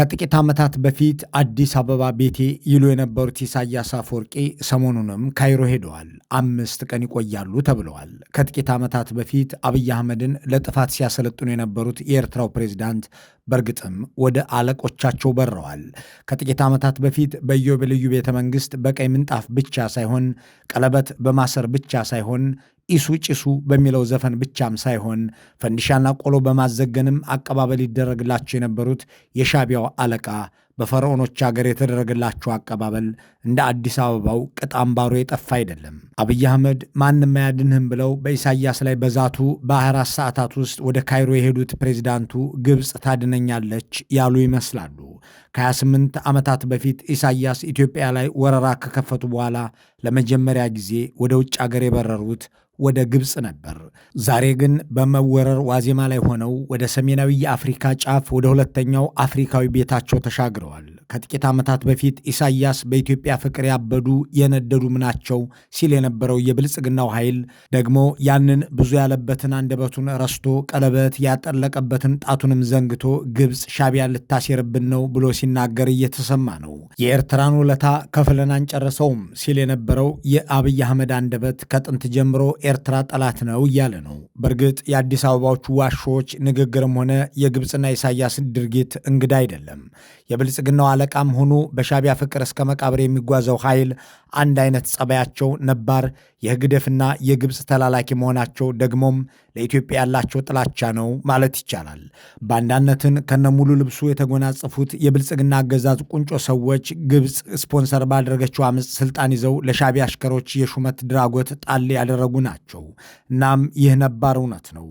ከጥቂት ዓመታት በፊት አዲስ አበባ ቤቴ ይሉ የነበሩት ኢሳያስ አፈወርቂ ሰሞኑንም ካይሮ ሄደዋል። አምስት ቀን ይቆያሉ ተብለዋል። ከጥቂት ዓመታት በፊት አብይ አህመድን ለጥፋት ሲያሰለጥኑ የነበሩት የኤርትራው ፕሬዚዳንት በእርግጥም ወደ አለቆቻቸው በረዋል። ከጥቂት ዓመታት በፊት በኢዮቤልዩ ቤተ መንግሥት በቀይ ምንጣፍ ብቻ ሳይሆን ቀለበት በማሰር ብቻ ሳይሆን ኢሱ ጭሱ በሚለው ዘፈን ብቻም ሳይሆን ፈንዲሻና ቆሎ በማዘገንም አቀባበል ይደረግላቸው የነበሩት የሻቢያው አለቃ በፈርዖኖች አገር የተደረገላቸው አቀባበል እንደ አዲስ አበባው ቅጥ የጠፋ አይደለም። አብይ አህመድ ማንም አያድንህም ብለው በኢሳያስ ላይ በዛቱ በ24 ሰዓታት ውስጥ ወደ ካይሮ የሄዱት ፕሬዚዳንቱ ግብፅ ታድነኛለች ያሉ ይመስላሉ። ከ28 ዓመታት በፊት ኢሳያስ ኢትዮጵያ ላይ ወረራ ከከፈቱ በኋላ ለመጀመሪያ ጊዜ ወደ ውጭ አገር የበረሩት ወደ ግብፅ ነበር። ዛሬ ግን በመወረር ዋዜማ ላይ ሆነው ወደ ሰሜናዊ የአፍሪካ ጫፍ ወደ ሁለተኛው አፍሪካዊ ቤታቸው ተሻግረዋል። ከጥቂት ዓመታት በፊት ኢሳያስ በኢትዮጵያ ፍቅር ያበዱ የነደዱ ምናቸው ሲል የነበረው የብልጽግናው ኃይል ደግሞ ያንን ብዙ ያለበትን አንደበቱን ረስቶ ቀለበት ያጠለቀበትን ጣቱንም ዘንግቶ ግብፅ ሻቢያ ልታሴርብን ነው ብሎ ሲናገር እየተሰማ ነው። የኤርትራን ውለታ ከፍለን አንጨረሰውም ሲል የነበረው የአብይ አህመድ አንደበት ከጥንት ጀምሮ ኤርትራ ጠላት ነው እያለ ነው። በእርግጥ የአዲስ አበባዎቹ ዋሾዎች ንግግርም ሆነ የግብፅና ኢሳያስ ድርጊት እንግዳ አይደለም። የብልጽግናው አለቃም ሆኑ በሻቢያ ፍቅር እስከ መቃብር የሚጓዘው ኃይል አንድ አይነት ጸባያቸው ነባር የህግደፍና የግብፅ ተላላኪ መሆናቸው ደግሞም ለኢትዮጵያ ያላቸው ጥላቻ ነው ማለት ይቻላል። ባንዳነትን ከነሙሉ ልብሱ የተጎናጸፉት የብልጽግና አገዛዝ ቁንጮ ሰዎች ግብፅ ስፖንሰር ባደረገችው አመፅ ስልጣን ይዘው ለሻቢያ አሽከሮች የሹመት ድራጎት ጣል ያደረጉ ናቸው። እናም ይህ ነባር እውነት ነው።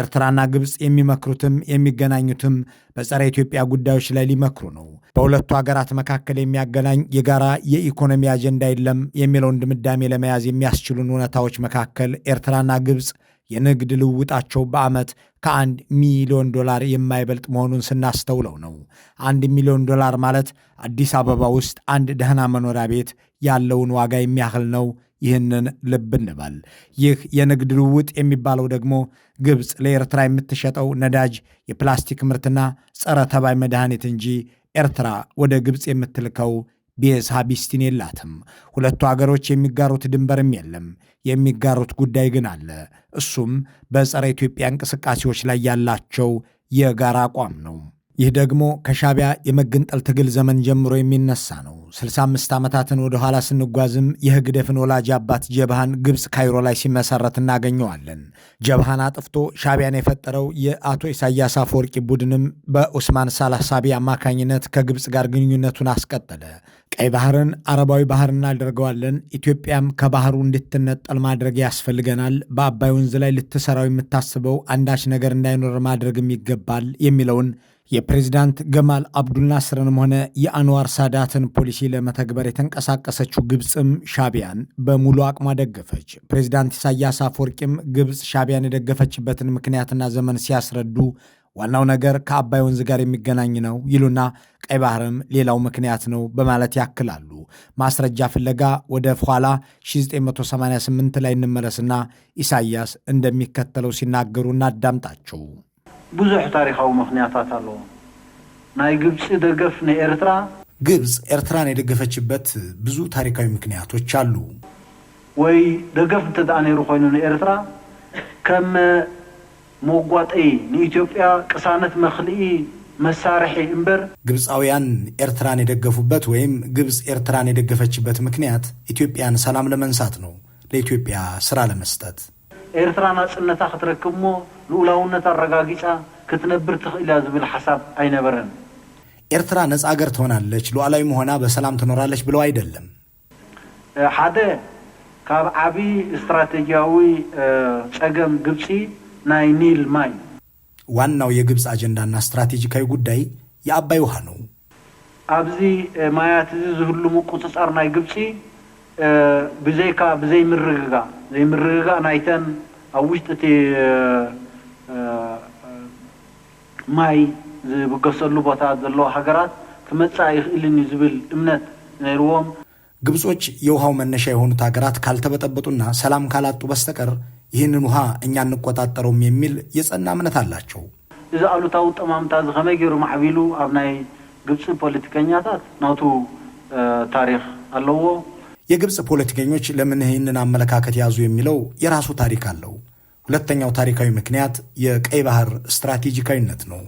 ኤርትራና ግብፅ የሚመክሩትም የሚገናኙትም በጸረ ኢትዮጵያ ጉዳዮች ላይ ሊመክሩ ነው። በሁለቱ ሀገራት መካከል የሚያገናኝ የጋራ የኢኮኖሚ አጀንዳ የለም የሚለውን ድምዳሜ ለመያዝ የሚያስችሉን እውነታዎች መካከል ኤርትራና ግብፅ የንግድ ልውውጣቸው በዓመት ከአንድ ሚሊዮን ዶላር የማይበልጥ መሆኑን ስናስተውለው ነው። አንድ ሚሊዮን ዶላር ማለት አዲስ አበባ ውስጥ አንድ ደህና መኖሪያ ቤት ያለውን ዋጋ የሚያህል ነው ይህንን ልብ እንበል። ይህ የንግድ ልውውጥ የሚባለው ደግሞ ግብፅ ለኤርትራ የምትሸጠው ነዳጅ፣ የፕላስቲክ ምርትና ጸረ ተባይ መድኃኒት እንጂ ኤርትራ ወደ ግብፅ የምትልከው ቤዝ ሀቢስቲን የላትም። ሁለቱ አገሮች የሚጋሩት ድንበርም የለም። የሚጋሩት ጉዳይ ግን አለ። እሱም በጸረ ኢትዮጵያ እንቅስቃሴዎች ላይ ያላቸው የጋራ አቋም ነው። ይህ ደግሞ ከሻቢያ የመገንጠል ትግል ዘመን ጀምሮ የሚነሳ ነው። 65 ዓመታትን ወደ ኋላ ስንጓዝም የህግደፍን ወላጅ አባት ጀብሃን ግብፅ ካይሮ ላይ ሲመሰረት እናገኘዋለን። ጀብሃን አጥፍቶ ሻቢያን የፈጠረው የአቶ ኢሳያስ አፈወርቂ ቡድንም በኡስማን ሳላህ ሳቢ አማካኝነት ከግብፅ ጋር ግንኙነቱን አስቀጠለ። ቀይ ባህርን አረባዊ ባህር እናደርገዋለን፣ ኢትዮጵያም ከባህሩ እንድትነጠል ማድረግ ያስፈልገናል፣ በአባይ ወንዝ ላይ ልትሰራው የምታስበው አንዳች ነገር እንዳይኖር ማድረግም ይገባል የሚለውን የፕሬዚዳንት ገማል አብዱልናስርንም ሆነ የአንዋር ሳዳትን ፖሊሲ ለመተግበር የተንቀሳቀሰችው ግብፅም ሻቢያን በሙሉ አቅሟ ደገፈች። ፕሬዚዳንት ኢሳያስ አፈወርቂም ግብፅ ሻቢያን የደገፈችበትን ምክንያትና ዘመን ሲያስረዱ ዋናው ነገር ከአባይ ወንዝ ጋር የሚገናኝ ነው ይሉና ቀይ ባህርም ሌላው ምክንያት ነው በማለት ያክላሉ። ማስረጃ ፍለጋ ወደ ኋላ 1988 ላይ እንመለስና ኢሳያስ እንደሚከተለው ሲናገሩ እናዳምጣቸው። ብዙሕ ታሪካዊ ምክንያታት ኣለዎ ናይ ግብፂ ደገፍ ንኤርትራ ግብፅ ኤርትራን የደገፈችበት ብዙ ታሪካዊ ምክንያቶች ኣሉ ወይ ደገፍ እንተደኣ ነይሩ ኮይኑ ንኤርትራ ከም መጓጠይ ንኢትዮጵያ ቅሳነት መኽልኢ መሳርሒ እምበር ግብፃውያን ኤርትራን የደገፉበት ወይም ግብፅ ኤርትራን የደገፈችበት ምክንያት ኢትዮጵያን ሰላም ለመንሳት ነው፣ ለኢትዮጵያ ስራ ለመስጠት ኤርትራ ናፅነታ ክትረክብ ሞ ልኡላውነት ኣረጋጊፃ ክትነብር ትኽእል እያ ዝብል ሓሳብ ኣይነበረን ኤርትራ ነፃ ሃገር ትሆናለች ሉዓላዊ ምሆና በሰላም ትኖራለች ብለው ኣይደለም ሓደ ካብ ዓብዪ እስትራቴጂያዊ ፀገም ግብፂ ናይ ኒል ማይ ዋናው የግብፅ አጀንዳና ስትራቴጂካዊ ጉዳይ የአባይ ውሃ ነው ኣብዚ ማያት እዚ ዝህልሙ ቁፅፃር ናይ ግብፂ ብዘይካ ብዘይምርግጋ ዘይምርግጋእን ናይተን ኣብ ውሽጢ እቲ ማይ ዝብገሰሉ ቦታ ዘለዎ ሃገራት ክመፃ ይኽእልን እዩ ዝብል እምነት ነይርዎም ግብጾች የውሃው መነሻ የሆኑት ሀገራት ካልተበጠበጡና ሰላም ካላጡ በስተቀር ይህንን ውሃ እኛ እንቆጣጠሮም የሚል የጸና እምነት አላቸው። እዚ ኣሉታዊ ጠማምታ እዚ ከመይ ገይሩ ማዕቢሉ ኣብ ናይ ግብፂ ፖለቲከኛታት ናቱ ታሪክ ኣለዎ የግብፅ ፖለቲከኞች ለምን ይህንን አመለካከት ያዙ የሚለው የራሱ ታሪክ አለው። ሁለተኛው ታሪካዊ ምክንያት የቀይ ባህር ስትራቴጂካዊነት ነው።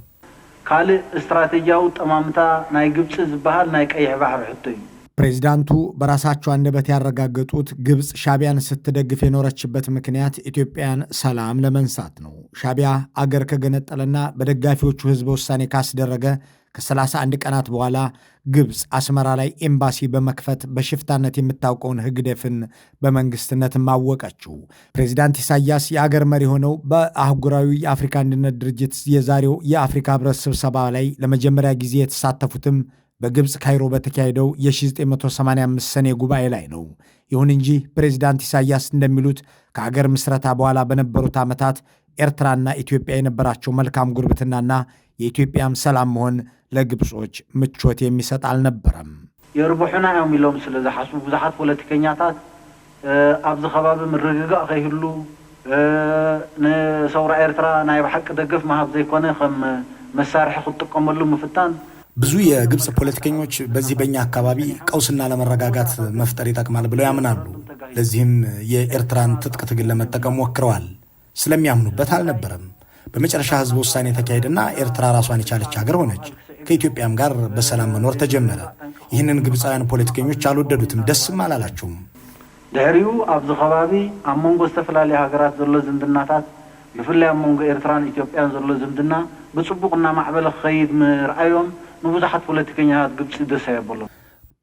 ካልእ እስትራቴጂያዊ ጠማምታ ናይ ግብፅ ዝበሃል ናይ ቀይሕ ባህር ሕቶ እዩ። ፕሬዚዳንቱ በራሳቸው አንደበት ያረጋገጡት ግብፅ ሻቢያን ስትደግፍ የኖረችበት ምክንያት ኢትዮጵያን ሰላም ለመንሳት ነው። ሻቢያ አገር ከገነጠለና በደጋፊዎቹ ሕዝበ ውሳኔ ካስደረገ ከ31 ቀናት በኋላ ግብፅ አስመራ ላይ ኤምባሲ በመክፈት በሽፍታነት የምታውቀውን ህግደፍን በመንግስትነት ማወቀችው። ፕሬዚዳንት ኢሳያስ የአገር መሪ ሆነው በአህጉራዊ የአፍሪካ አንድነት ድርጅት የዛሬው የአፍሪካ ህብረት ስብሰባ ላይ ለመጀመሪያ ጊዜ የተሳተፉትም በግብፅ ካይሮ በተካሄደው የ1985 ሰኔ ጉባኤ ላይ ነው። ይሁን እንጂ ፕሬዚዳንት ኢሳያስ እንደሚሉት ከአገር ምስረታ በኋላ በነበሩት ዓመታት ኤርትራና ኢትዮጵያ የነበራቸው መልካም ጉርብትናና የኢትዮጵያም ሰላም መሆን ለግብጾች ምቾት የሚሰጥ አልነበረም። የርቡሑና እዮም ኢሎም ስለ ዝሓስቡ ብዙሓት ፖለቲከኛታት ኣብዚ ከባቢ ምርግጋእ ከይህሉ ንሰውራ ኤርትራ ናይ ብሓቂ ደገፍ መሃብ ዘይኮነ ከም መሳርሒ ክጥቀመሉ ምፍታን ብዙ የግብፅ ፖለቲከኞች በዚህ በእኛ አካባቢ ቀውስና ለመረጋጋት መፍጠር ይጠቅማል ብለው ያምናሉ። ለዚህም የኤርትራን ትጥቅ ትግል ለመጠቀም ሞክረዋል። ስለሚያምኑበት አልነበረም። በመጨረሻ ህዝብ ውሳኔ ተካሄደና ኤርትራ ራሷን የቻለች ሀገር ሆነች። ከኢትዮጵያም ጋር በሰላም መኖር ተጀመረ። ይህንን ግብፃውያን ፖለቲከኞች አልወደዱትም፣ ደስም አላላቸውም። ድሕሪኡ ኣብዚ ከባቢ ኣብ መንጎ ዝተፈላለዩ ሃገራት ዘሎ ዝምድናታት ብፍላይ ኣብ መንጎ ኤርትራን ኢትዮጵያን ዘሎ ዝምድና ብፅቡቅና ማዕበለ ክኸይድ ምርኣዮም ንብዙሓት ፖለቲከኛታት ግብፂ ደስ የበሎም።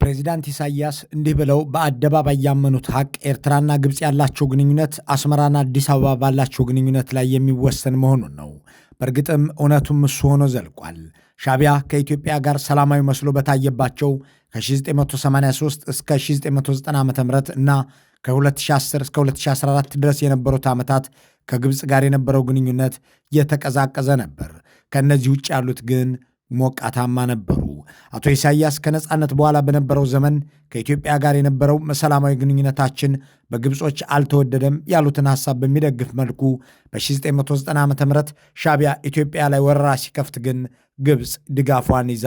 ፕሬዚዳንት ኢሳያስ እንዲህ ብለው በአደባባይ ያመኑት ሀቅ ኤርትራና ግብፅ ያላቸው ግንኙነት አስመራና አዲስ አበባ ባላቸው ግንኙነት ላይ የሚወሰን መሆኑን ነው። በእርግጥም እውነቱም እሱ ሆኖ ዘልቋል። ሻቢያ ከኢትዮጵያ ጋር ሰላማዊ መስሎ በታየባቸው ከ1983 እስከ 1990 ዓ ም እና ከ2010 እስከ 2014 ድረስ የነበሩት ዓመታት ከግብፅ ጋር የነበረው ግንኙነት የተቀዛቀዘ ነበር። ከእነዚህ ውጭ ያሉት ግን ሞቃታማ ነበሩ። አቶ ኢሳያስ ከነፃነት በኋላ በነበረው ዘመን ከኢትዮጵያ ጋር የነበረው ሰላማዊ ግንኙነታችን በግብጾች አልተወደደም ያሉትን ሐሳብ በሚደግፍ መልኩ በ1990 ዓ ም ሻቢያ ኢትዮጵያ ላይ ወረራ ሲከፍት ግን ግብፅ ድጋፏን ይዛ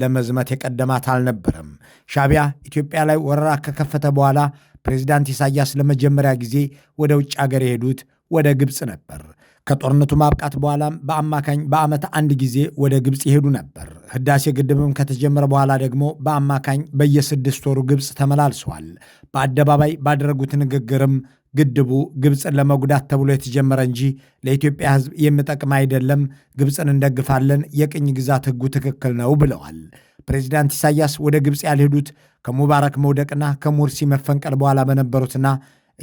ለመዝመት የቀደማት አልነበረም። ሻቢያ ኢትዮጵያ ላይ ወረራ ከከፈተ በኋላ ፕሬዚዳንት ኢሳያስ ለመጀመሪያ ጊዜ ወደ ውጭ አገር የሄዱት ወደ ግብፅ ነበር። ከጦርነቱ ማብቃት በኋላም በአማካኝ በዓመት አንድ ጊዜ ወደ ግብፅ ይሄዱ ነበር። ህዳሴ ግድብም ከተጀመረ በኋላ ደግሞ በአማካኝ በየስድስት ወሩ ግብፅ ተመላልሰዋል። በአደባባይ ባደረጉት ንግግርም ግድቡ ግብፅን ለመጉዳት ተብሎ የተጀመረ እንጂ ለኢትዮጵያ ሕዝብ የሚጠቅም አይደለም፣ ግብፅን እንደግፋለን፣ የቅኝ ግዛት ሕጉ ትክክል ነው ብለዋል። ፕሬዚዳንት ኢሳያስ ወደ ግብፅ ያልሄዱት ከሙባረክ መውደቅና ከሙርሲ መፈንቀል በኋላ በነበሩትና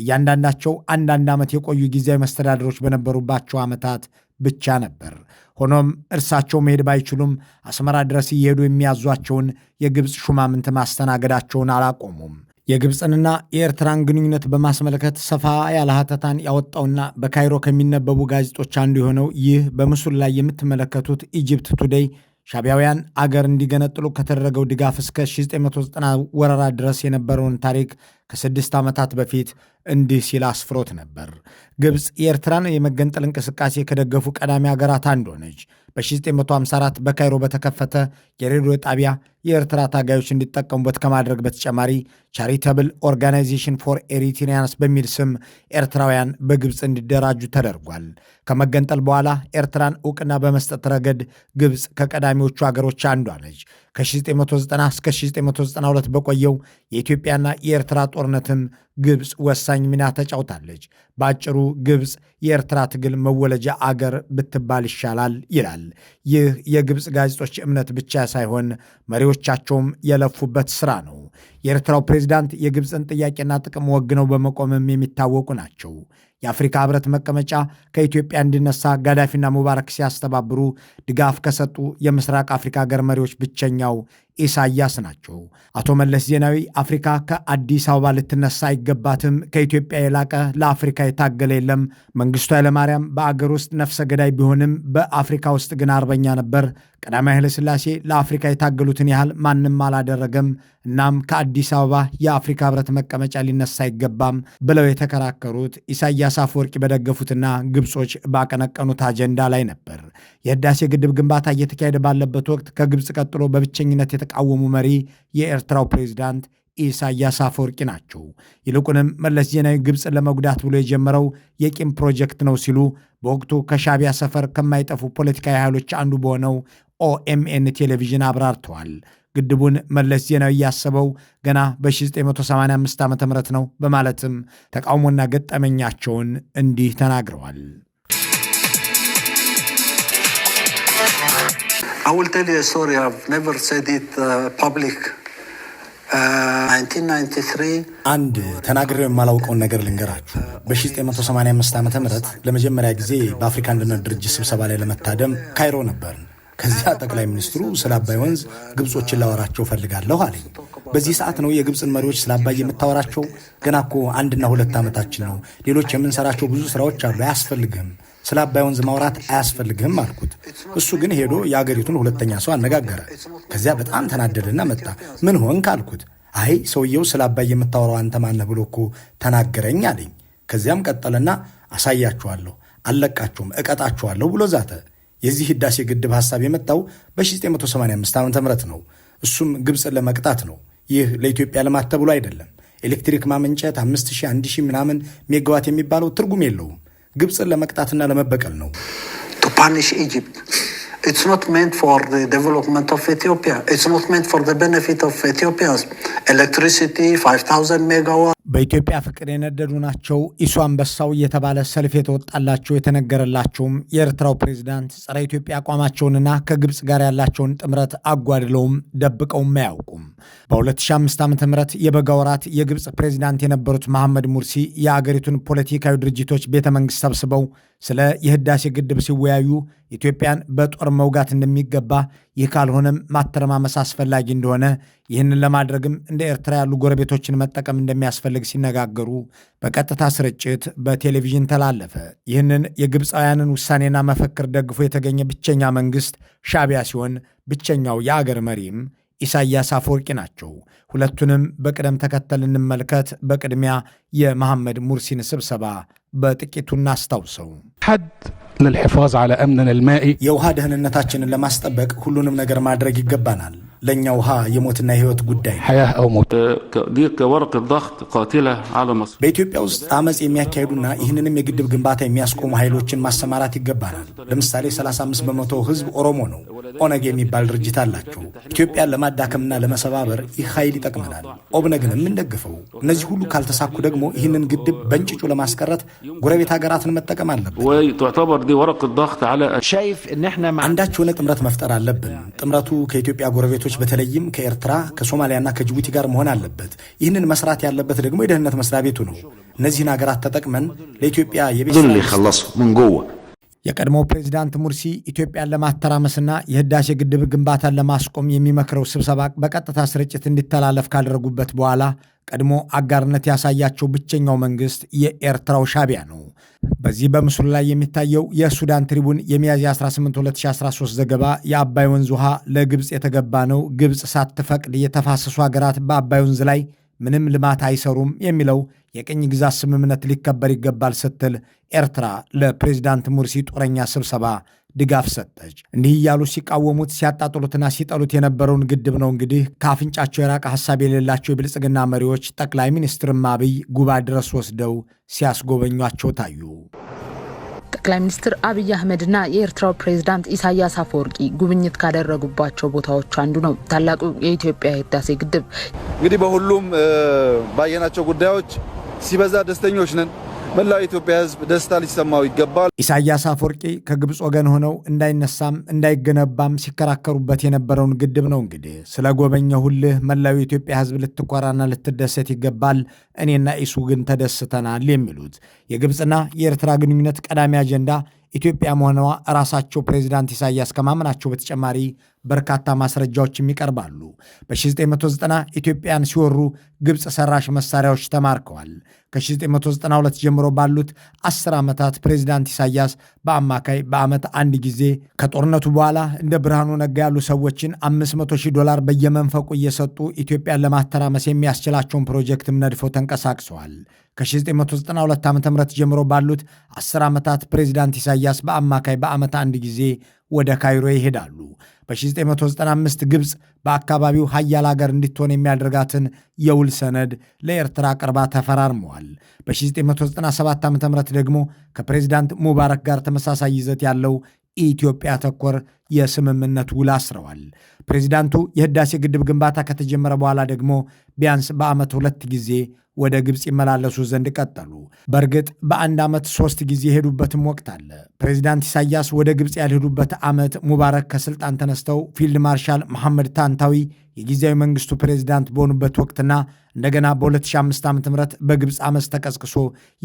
እያንዳንዳቸው አንዳንድ ዓመት የቆዩ ጊዜያዊ መስተዳደሮች በነበሩባቸው ዓመታት ብቻ ነበር። ሆኖም እርሳቸው መሄድ ባይችሉም አስመራ ድረስ እየሄዱ የሚያዟቸውን የግብፅ ሹማምንት ማስተናገዳቸውን አላቆሙም። የግብፅንና የኤርትራን ግንኙነት በማስመልከት ሰፋ ያለ ሀተታን ያወጣውና በካይሮ ከሚነበቡ ጋዜጦች አንዱ የሆነው ይህ በምስሉ ላይ የምትመለከቱት ኢጅፕት ቱዴይ ሻቢያውያን አገር እንዲገነጥሉ ከተደረገው ድጋፍ እስከ 1990 ወረራ ድረስ የነበረውን ታሪክ ከስድስት ዓመታት በፊት እንዲህ ሲል አስፍሮት ነበር። ግብፅ የኤርትራን የመገንጠል እንቅስቃሴ ከደገፉ ቀዳሚ ሀገራት አንዱ ሆነች። በ1954 በካይሮ በተከፈተ የሬዲዮ ጣቢያ የኤርትራ ታጋዮች እንዲጠቀሙበት ከማድረግ በተጨማሪ ቻሪታብል ኦርጋናይዜሽን ፎር ኤሪትሪያንስ በሚል ስም ኤርትራውያን በግብፅ እንዲደራጁ ተደርጓል። ከመገንጠል በኋላ ኤርትራን እውቅና በመስጠት ረገድ ግብፅ ከቀዳሚዎቹ አገሮች አንዷ ነች። ከ1990 እስከ 1992 በቆየው የኢትዮጵያና የኤርትራ ጦርነትም ግብፅ ወሳኝ ሚና ተጫውታለች። በአጭሩ ግብፅ የኤርትራ ትግል መወለጃ አገር ብትባል ይሻላል ይላል። ይህ የግብፅ ጋዜጦች እምነት ብቻ ሳይሆን መሪዎቻቸውም የለፉበት ስራ ነው። የኤርትራው ፕሬዚዳንት የግብፅን ጥያቄና ጥቅም ወግነው በመቆምም የሚታወቁ ናቸው። የአፍሪካ ህብረት መቀመጫ ከኢትዮጵያ እንዲነሳ ጋዳፊና ሙባረክ ሲያስተባብሩ ድጋፍ ከሰጡ የምስራቅ አፍሪካ ሀገር መሪዎች ብቸኛው ኢሳያስ ናቸው። አቶ መለስ ዜናዊ አፍሪካ ከአዲስ አበባ ልትነሳ አይገባትም፣ ከኢትዮጵያ የላቀ ለአፍሪካ የታገለ የለም፣ መንግስቱ ኃይለማርያም በአገር ውስጥ ነፍሰ ገዳይ ቢሆንም በአፍሪካ ውስጥ ግን አርበኛ ነበር፣ ቀዳማዊ ሥላሴ ለአፍሪካ የታገሉትን ያህል ማንም አላደረገም፣ እናም ከአዲስ አበባ የአፍሪካ ህብረት መቀመጫ ሊነሳ አይገባም ብለው የተከራከሩት ኢሳያስ አፈወርቂ በደገፉትና ግብጾች ባቀነቀኑት አጀንዳ ላይ ነበር። የህዳሴ ግድብ ግንባታ እየተካሄደ ባለበት ወቅት ከግብፅ ቀጥሎ በብቸኝነት የተቃወሙ መሪ የኤርትራው ፕሬዚዳንት ኢሳያስ አፈወርቂ ናቸው። ይልቁንም መለስ ዜናዊ ግብፅን ለመጉዳት ብሎ የጀመረው የቂም ፕሮጀክት ነው ሲሉ በወቅቱ ከሻቢያ ሰፈር ከማይጠፉ ፖለቲካዊ ኃይሎች አንዱ በሆነው ኦኤምኤን ቴሌቪዥን አብራርተዋል። ግድቡን መለስ ዜናዊ ያሰበው ገና በ1985 ዓ ም ነው በማለትም ተቃውሞና ገጠመኛቸውን እንዲህ ተናግረዋል። uh, uh, አንድ ተናግሬው የማላውቀውን ነገር ልንገራችሁ። በ1985 ዓ ም ለመጀመሪያ ጊዜ በአፍሪካ አንድነት ድርጅት ስብሰባ ላይ ለመታደም ካይሮ ነበርን። ከዚያ ጠቅላይ ሚኒስትሩ ስለ አባይ ወንዝ ግብጾችን ላወራቸው ፈልጋለሁ አለኝ። በዚህ ሰዓት ነው የግብፅን መሪዎች ስለ አባይ የምታወራቸው? ገና እኮ አንድና ሁለት ዓመታችን ነው። ሌሎች የምንሰራቸው ብዙ ስራዎች አሉ። አያስፈልግህም፣ ስለ አባይ ወንዝ ማውራት አያስፈልግህም አልኩት። እሱ ግን ሄዶ የአገሪቱን ሁለተኛ ሰው አነጋገረ። ከዚያ በጣም ተናደደና መጣ። ምን ሆንክ አልኩት። አይ ሰውየው ስለ አባይ የምታወራው አንተ ማነ ብሎ እኮ ተናገረኝ አለኝ። ከዚያም ቀጠለና አሳያችኋለሁ፣ አለቃችሁም፣ እቀጣችኋለሁ ብሎ ዛተ። የዚህ ህዳሴ ግድብ ሐሳብ የመጣው በ1985 ዓ ም ነው። እሱም ግብፅን ለመቅጣት ነው። ይህ ለኢትዮጵያ ልማት ተብሎ አይደለም። ኤሌክትሪክ ማመንጨት 5000 1000 ምናምን ሜጋዋት የሚባለው ትርጉም የለውም። ግብፅን ለመቅጣትና ለመበቀል ነው። It's not meant for the development of Ethiopia. It's not meant for the benefit of Ethiopians. Electricity, 5,000 megawatts. በኢትዮጵያ ፍቅር የነደዱ ናቸው ኢሱ አንበሳው እየተባለ ሰልፍ የተወጣላቸው የተነገረላቸውም የኤርትራው ፕሬዚዳንት ጸረ ኢትዮጵያ አቋማቸውንና ከግብፅ ጋር ያላቸውን ጥምረት አጓድለውም ደብቀውም አያውቁም። በ2005 ዓ ም የበጋ ወራት የግብፅ ፕሬዚዳንት የነበሩት መሐመድ ሙርሲ የአገሪቱን ፖለቲካዊ ድርጅቶች ቤተ መንግስት ሰብስበው ስለ የህዳሴ ግድብ ሲወያዩ ኢትዮጵያን በጦር መውጋት እንደሚገባ ይህ ካልሆነም ማተረማመስ አስፈላጊ እንደሆነ ይህንን ለማድረግም እንደ ኤርትራ ያሉ ጎረቤቶችን መጠቀም እንደሚያስፈልግ ሲነጋገሩ በቀጥታ ስርጭት በቴሌቪዥን ተላለፈ። ይህንን የግብፃውያንን ውሳኔና መፈክር ደግፎ የተገኘ ብቸኛ መንግስት ሻቢያ ሲሆን ብቸኛው የአገር መሪም ኢሳያስ አፈወርቂ ናቸው። ሁለቱንም በቅደም ተከተል እንመልከት። በቅድሚያ የመሐመድ ሙርሲን ስብሰባ በጥቂቱ እናስታውሰው። ሐድ ለልሕፋዝ ዐላ አምንና ልማኢ የውሃ ደህንነታችንን ለማስጠበቅ ሁሉንም ነገር ማድረግ ይገባናል። ለእኛ ውሃ የሞትና የህይወት ጉዳይ በኢትዮጵያ ውስጥ አመፅ የሚያካሂዱና ይህንንም የግድብ ግንባታ የሚያስቆሙ ኃይሎችን ማሰማራት ይገባናል። ለምሳሌ 35 በመቶ ህዝብ ኦሮሞ ነው። ኦነግ የሚባል ድርጅት አላቸው። ኢትዮጵያን ለማዳከምና ለመሰባበር ይህ ኃይል ይጠቅመናል። ኦብነግን የምንደግፈው። እነዚህ ሁሉ ካልተሳኩ ደግሞ ይህንን ግድብ በእንጭጩ ለማስቀረት ጎረቤት ሀገራትን መጠቀም አለብን። አንዳች የሆነ ጥምረት መፍጠር አለብን። ጥምረቱ ከኢትዮጵያ ጎረቤቶች ግጭቶች በተለይም ከኤርትራ ከሶማሊያና ከጅቡቲ ጋር መሆን አለበት። ይህንን መስራት ያለበት ደግሞ የደህንነት መስሪያ ቤቱ ነው። እነዚህን ሀገራት ተጠቅመን ለኢትዮጵያ የቤት የቀድሞ ፕሬዚዳንት ሙርሲ ኢትዮጵያን ለማተራመስና የህዳሴ ግድብ ግንባታን ለማስቆም የሚመክረው ስብሰባ በቀጥታ ስርጭት እንዲተላለፍ ካደረጉበት በኋላ ቀድሞ አጋርነት ያሳያቸው ብቸኛው መንግስት የኤርትራው ሻቢያ ነው። በዚህ በምስሉ ላይ የሚታየው የሱዳን ትሪቡን የሚያዝያ 18 2013 ዘገባ የአባይ ወንዝ ውሃ ለግብፅ የተገባ ነው፣ ግብፅ ሳትፈቅድ የተፋሰሱ ሀገራት በአባይ ወንዝ ላይ ምንም ልማት አይሰሩም የሚለው የቅኝ ግዛት ስምምነት ሊከበር ይገባል ስትል ኤርትራ ለፕሬዚዳንት ሙርሲ ጦረኛ ስብሰባ ድጋፍ ሰጠች። እንዲህ እያሉ ሲቃወሙት ሲያጣጥሉትና ሲጠሉት የነበረውን ግድብ ነው እንግዲህ ከአፍንጫቸው የራቀ ሀሳብ የሌላቸው የብልጽግና መሪዎች ጠቅላይ ሚኒስትር አብይ ጉባ ድረስ ወስደው ሲያስጎበኟቸው ታዩ። ጠቅላይ ሚኒስትር አብይ አህመድና የኤርትራው ፕሬዝዳንት ኢሳያስ አፈወርቂ ጉብኝት ካደረጉባቸው ቦታዎች አንዱ ነው ታላቁ የኢትዮጵያ ህዳሴ ግድብ። እንግዲህ በሁሉም ባየናቸው ጉዳዮች ሲበዛ ደስተኞች ነን። መላው የኢትዮጵያ ህዝብ ደስታ ሊሰማው ይገባል። ኢሳያስ አፈወርቂ ከግብፅ ወገን ሆነው እንዳይነሳም እንዳይገነባም ሲከራከሩበት የነበረውን ግድብ ነው እንግዲህ ስለ ሁልህ መላው የኢትዮጵያ ህዝብ ልትኮራና ልትደሰት ይገባል፣ እኔና ኢሱ ግን ተደስተናል የሚሉት የግብፅና የኤርትራ ግንኙነት ቀዳሚ አጀንዳ ኢትዮጵያ መሆኗ ራሳቸው ፕሬዚዳንት ኢሳያስ ከማመናቸው በተጨማሪ በርካታ ማስረጃዎችም ይቀርባሉ። በ1990 ኢትዮጵያን ሲወሩ ግብፅ ሰራሽ መሳሪያዎች ተማርከዋል። ከ1992 ጀምሮ ባሉት 10 ዓመታት ፕሬዚዳንት ኢሳያስ በአማካይ በዓመት አንድ ጊዜ ከጦርነቱ በኋላ እንደ ብርሃኑ ነጋ ያሉ ሰዎችን 500 ዶላር በየመንፈቁ እየሰጡ ኢትዮጵያን ለማተራመስ የሚያስችላቸውን ፕሮጀክትም ነድፈው ተንቀሳቅሰዋል። ከ1992 ዓ ም ጀምሮ ባሉት 10 ዓመታት ፕሬዚዳንት ኢሳያስ በአማካይ በዓመት አንድ ጊዜ ወደ ካይሮ ይሄዳሉ። በ1995 ግብፅ በአካባቢው ሀያል አገር እንድትሆን የሚያደርጋትን የውል ሰነድ ለኤርትራ ቅርባ ተፈራርመዋል። በ1997 ዓ ም ደግሞ ከፕሬዚዳንት ሙባረክ ጋር ተመሳሳይ ይዘት ያለው ኢትዮጵያ ተኮር የስምምነት ውል አስረዋል። ፕሬዚዳንቱ የህዳሴ ግድብ ግንባታ ከተጀመረ በኋላ ደግሞ ቢያንስ በዓመት ሁለት ጊዜ ወደ ግብፅ ይመላለሱ ዘንድ ቀጠሉ። በእርግጥ በአንድ ዓመት ሶስት ጊዜ የሄዱበትም ወቅት አለ። ፕሬዚዳንት ኢሳያስ ወደ ግብፅ ያልሄዱበት ዓመት ሙባረክ ከስልጣን ተነስተው ፊልድ ማርሻል መሐመድ ታንታዊ የጊዜያዊ መንግስቱ ፕሬዚዳንት በሆኑበት ወቅትና እንደገና በ2005 ዓ ም በግብፅ አመፅ ተቀስቅሶ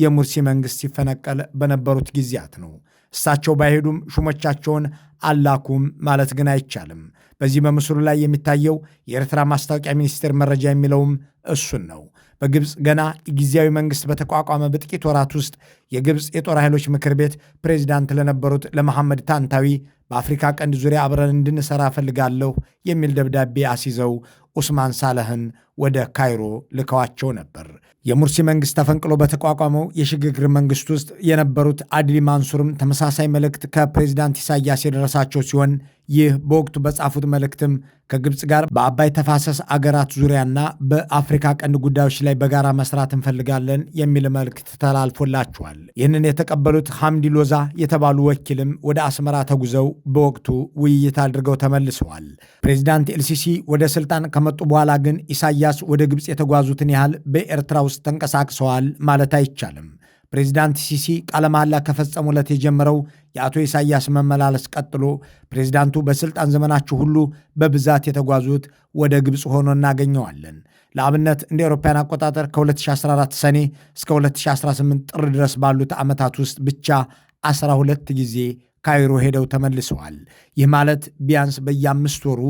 የሙርሲ መንግስት ሲፈነቀል በነበሩት ጊዜያት ነው። እሳቸው ባይሄዱም ሹሞቻቸውን አላኩም ማለት ግን አይቻልም። በዚህ በምስሉ ላይ የሚታየው የኤርትራ ማስታወቂያ ሚኒስቴር መረጃ የሚለውም እሱን ነው። በግብፅ ገና ጊዜያዊ መንግስት በተቋቋመ በጥቂት ወራት ውስጥ የግብፅ የጦር ኃይሎች ምክር ቤት ፕሬዚዳንት ለነበሩት ለመሐመድ ታንታዊ በአፍሪካ ቀንድ ዙሪያ አብረን እንድንሰራ እፈልጋለሁ የሚል ደብዳቤ አስይዘው ኡስማን ሳለህን ወደ ካይሮ ልከዋቸው ነበር። የሙርሲ መንግስት ተፈንቅሎ በተቋቋመው የሽግግር መንግስት ውስጥ የነበሩት አድሊ ማንሱርም ተመሳሳይ መልእክት ከፕሬዚዳንት ኢሳያስ የደረሳቸው ሲሆን ይህ በወቅቱ በጻፉት መልእክትም ከግብፅ ጋር በአባይ ተፋሰስ አገራት ዙሪያና በአፍሪካ ቀንድ ጉዳዮች ላይ በጋራ መስራት እንፈልጋለን የሚል መልእክት ተላልፎላቸዋል። ይህንን የተቀበሉት ሐምዲ ሎዛ የተባሉ ወኪልም ወደ አስመራ ተጉዘው በወቅቱ ውይይት አድርገው ተመልሰዋል። ፕሬዚዳንት ኤልሲሲ ወደ ስልጣን ከመጡ በኋላ ግን ኢሳያ ኢሳያስ ወደ ግብፅ የተጓዙትን ያህል በኤርትራ ውስጥ ተንቀሳቅሰዋል ማለት አይቻልም። ፕሬዚዳንት ሲሲ ቃለ መሐላ ከፈጸሙ የጀመረው የአቶ ኢሳያስ መመላለስ ቀጥሎ ፕሬዚዳንቱ በስልጣን ዘመናቸው ሁሉ በብዛት የተጓዙት ወደ ግብፅ ሆኖ እናገኘዋለን። ለአብነት እንደ አውሮፓውያን አቆጣጠር ከ2014 ሰኔ እስከ 2018 ጥር ድረስ ባሉት ዓመታት ውስጥ ብቻ 12 ጊዜ ካይሮ ሄደው ተመልሰዋል። ይህ ማለት ቢያንስ በየአምስት ወሩ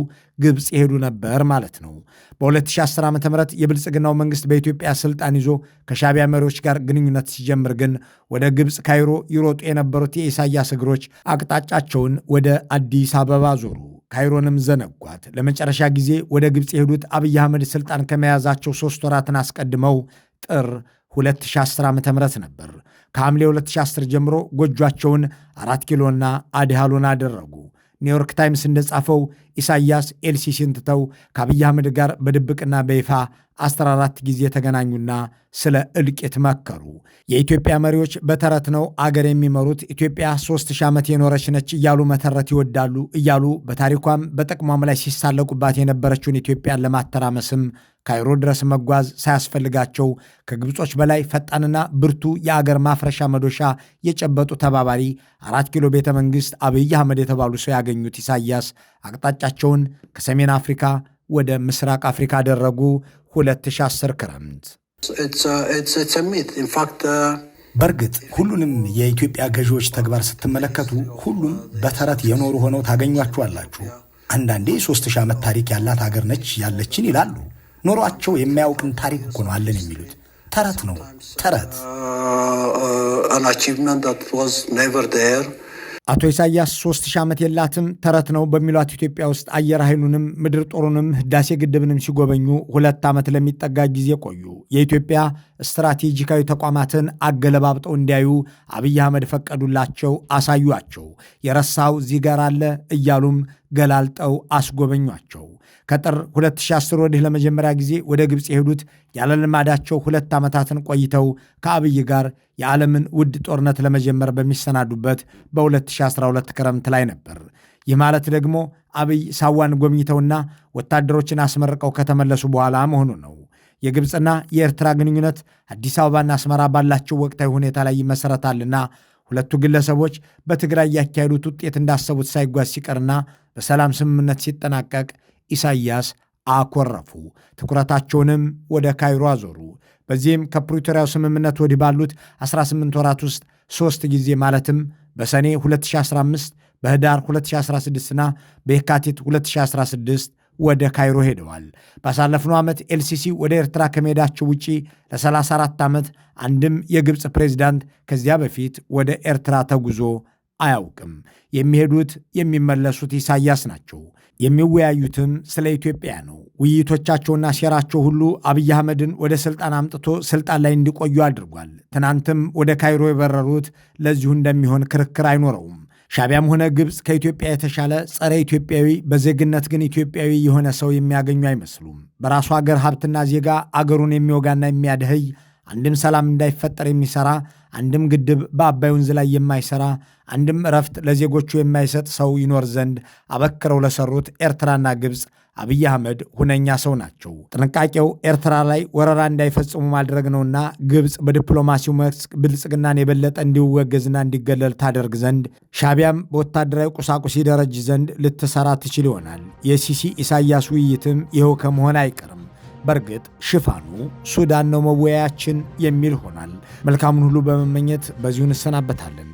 ግብፅ ይሄዱ ነበር ማለት ነው። በ2010 ዓ ም የብልጽግናው መንግስት በኢትዮጵያ ስልጣን ይዞ ከሻቢያ መሪዎች ጋር ግንኙነት ሲጀምር ግን ወደ ግብፅ ካይሮ ይሮጡ የነበሩት የኢሳያስ እግሮች አቅጣጫቸውን ወደ አዲስ አበባ ዞሩ። ካይሮንም ዘነጓት። ለመጨረሻ ጊዜ ወደ ግብፅ የሄዱት አብይ አህመድ ስልጣን ከመያዛቸው ሶስት ወራትን አስቀድመው ጥር 2010 ዓ ም ነበር። ከሐምሌ 2010 ጀምሮ ጎጇቸውን አራት ኪሎና አድሃሉን አደረጉ። ኒውዮርክ ታይምስ እንደጻፈው ኢሳያስ ኤልሲሲን ትተው ከአብይ አህመድ ጋር በድብቅና በይፋ 14 ጊዜ ተገናኙና ስለ እልቂት መከሩ። የኢትዮጵያ መሪዎች በተረት ነው አገር የሚመሩት ኢትዮጵያ 3000 ዓመት የኖረች ነች እያሉ መተረት ይወዳሉ እያሉ በታሪኳም በጥቅሟም ላይ ሲሳለቁባት የነበረችውን ኢትዮጵያን ለማተራመስም ካይሮ ድረስ መጓዝ ሳያስፈልጋቸው ከግብጾች በላይ ፈጣንና ብርቱ የአገር ማፍረሻ መዶሻ የጨበጡ ተባባሪ አራት ኪሎ ቤተ መንግሥት አብይ አህመድ የተባሉ ሰው ያገኙት ኢሳያስ አቅጣጫቸውን ከሰሜን አፍሪካ ወደ ምስራቅ አፍሪካ አደረጉ። 2010 ክረምት uh, uh, በእርግጥ ሁሉንም የኢትዮጵያ ገዢዎች ተግባር ስትመለከቱ ሁሉም በተረት የኖሩ ሆነው ታገኟችኋላችሁ። አንዳንዴ ሦስት ሺህ ዓመት ታሪክ ያላት አገር ነች ያለችን ይላሉ። ኖሯቸው የማያውቅን ታሪክ እኮ ነው አለን የሚሉት። ተረት ነው ተረት። አቶ ኢሳያስ ሶስት ሺህ ዓመት የላትም ተረት ነው በሚሏት ኢትዮጵያ ውስጥ አየር ኃይሉንም ምድር ጦሩንም ህዳሴ ግድብንም ሲጎበኙ ሁለት ዓመት ለሚጠጋ ጊዜ ቆዩ። የኢትዮጵያ ስትራቴጂካዊ ተቋማትን አገለባብጠው እንዲያዩ አብይ አህመድ ፈቀዱላቸው፣ አሳዩአቸው። የረሳው ዚገር አለ እያሉም ገላልጠው አስጎበኟቸው። ከጥር 2010 ወዲህ ለመጀመሪያ ጊዜ ወደ ግብፅ የሄዱት ያለልማዳቸው ሁለት ዓመታትን ቆይተው ከአብይ ጋር የዓለምን ውድ ጦርነት ለመጀመር በሚሰናዱበት በ2012 ክረምት ላይ ነበር። ይህ ማለት ደግሞ አብይ ሳዋን ጎብኝተውና ወታደሮችን አስመርቀው ከተመለሱ በኋላ መሆኑ ነው። የግብፅና የኤርትራ ግንኙነት አዲስ አበባና አስመራ ባላቸው ወቅታዊ ሁኔታ ላይ ይመሰረታልና ሁለቱ ግለሰቦች በትግራይ ያካሄዱት ውጤት እንዳሰቡት ሳይጓዝ ሲቀርና በሰላም ስምምነት ሲጠናቀቅ ኢሳይያስ አኮረፉ። ትኩረታቸውንም ወደ ካይሮ አዞሩ። በዚህም ከፕሪቶሪያው ስምምነት ወዲህ ባሉት 18 ወራት ውስጥ ሦስት ጊዜ ማለትም በሰኔ 2015 በህዳር 2016ና በየካቲት 2016 ወደ ካይሮ ሄደዋል። ባሳለፍነው ዓመት ኤልሲሲ ወደ ኤርትራ ከመሄዳቸው ውጪ ለ34 ዓመት አንድም የግብፅ ፕሬዚዳንት ከዚያ በፊት ወደ ኤርትራ ተጉዞ አያውቅም። የሚሄዱት የሚመለሱት ኢሳያስ ናቸው። የሚወያዩትም ስለ ኢትዮጵያ ነው። ውይይቶቻቸውና ሴራቸው ሁሉ አብይ አህመድን ወደ ስልጣን አምጥቶ ስልጣን ላይ እንዲቆዩ አድርጓል። ትናንትም ወደ ካይሮ የበረሩት ለዚሁ እንደሚሆን ክርክር አይኖረውም። ሻቢያም ሆነ ግብፅ ከኢትዮጵያ የተሻለ ጸረ ኢትዮጵያዊ በዜግነት ግን ኢትዮጵያዊ የሆነ ሰው የሚያገኙ አይመስሉም። በራሱ አገር ሀብትና ዜጋ አገሩን የሚወጋና የሚያድህይ አንድም ሰላም እንዳይፈጠር የሚሰራ አንድም ግድብ በአባይ ወንዝ ላይ የማይሰራ አንድም እረፍት ለዜጎቹ የማይሰጥ ሰው ይኖር ዘንድ አበክረው ለሰሩት ኤርትራና ግብፅ አብይ አህመድ ሁነኛ ሰው ናቸው። ጥንቃቄው ኤርትራ ላይ ወረራ እንዳይፈጽሙ ማድረግ ነውና ግብፅ በዲፕሎማሲው መስክ ብልጽግናን የበለጠ እንዲወገዝና እንዲገለል ታደርግ ዘንድ ሻቢያም በወታደራዊ ቁሳቁስ ይደረጅ ዘንድ ልትሰራ ትችል ይሆናል። የሲሲ ኢሳያስ ውይይትም ይኸው ከመሆን አይቀርም። በእርግጥ ሽፋኑ ሱዳን ነው መወያያችን የሚል ሆናል። መልካሙን ሁሉ በመመኘት በዚሁ እንሰናበታለን።